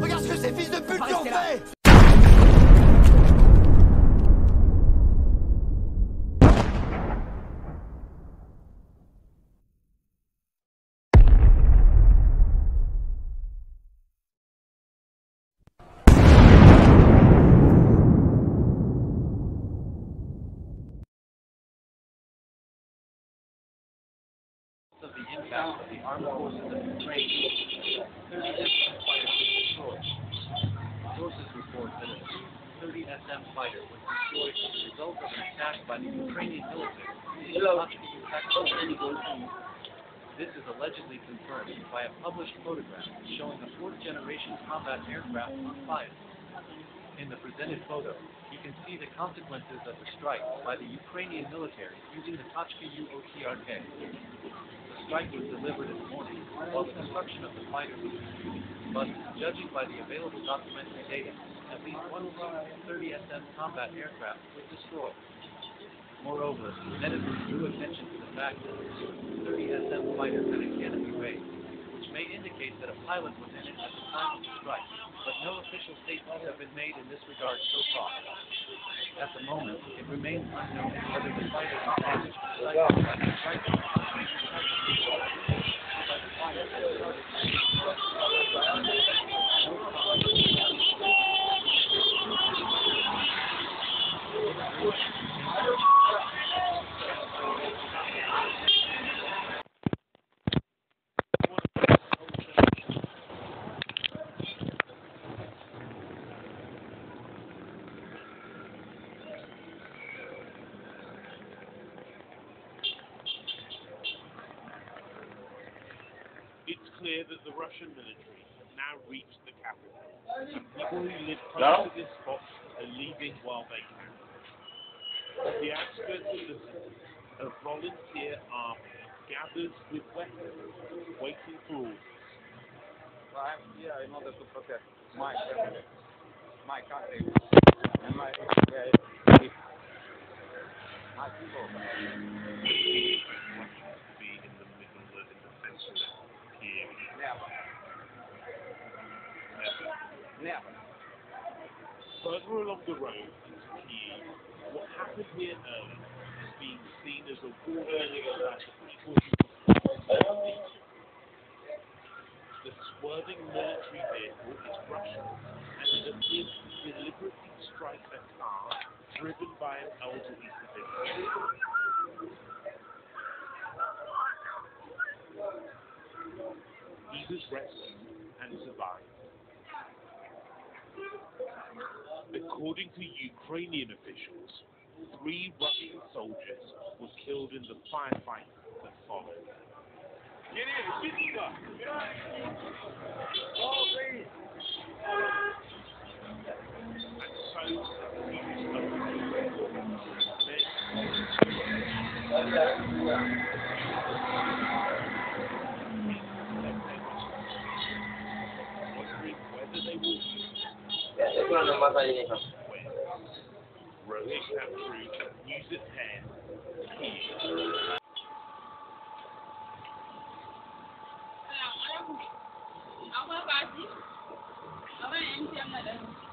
Regarde ce que ces fils de pute ont fait armed forces have been trained to 30 SM fighter was destroyed. Sources report that a 30 SM fighter was destroyed as a result of an attack by the Ukrainian military. This is allegedly confirmed by a published photograph showing a fourth generation combat aircraft on fire. In the presented photo, you can see the consequences of the strike by the Ukrainian military using the Kachka UOTRK strike was delivered in the morning while the construction of the fighter was continuing, but judging by the available documentary data, at least one 30SS combat aircraft was destroyed. Moreover, medicine drew attention to the fact that the 30SS fighter had a canopy raised, which may indicate that a pilot was in it at the time of the strike, but no official statements have been made in this regard so far. At the moment, it remains unknown whether the fighter was damaged by the strike. Thank you. It's clear that the Russian military have now reached the capital, and people who live close no. to this spot are leaving while they can. The outskirts of the city, a volunteer army gathers with weapons, waiting for orders. I'm here in order to protect my family, my country, and my, my people. along the road knew what happened here earlier um, was being seen as a warning that people who the swerving military vehicle is Russian and it appears to deliberately strike a car driven by an elderly civilian. He was rescued and survived. According to Ukrainian officials, three Russian soldiers were killed in the firefight that followed. And so, sunan matsayi ne kan Akwai baji, akwai 'yan ciyar da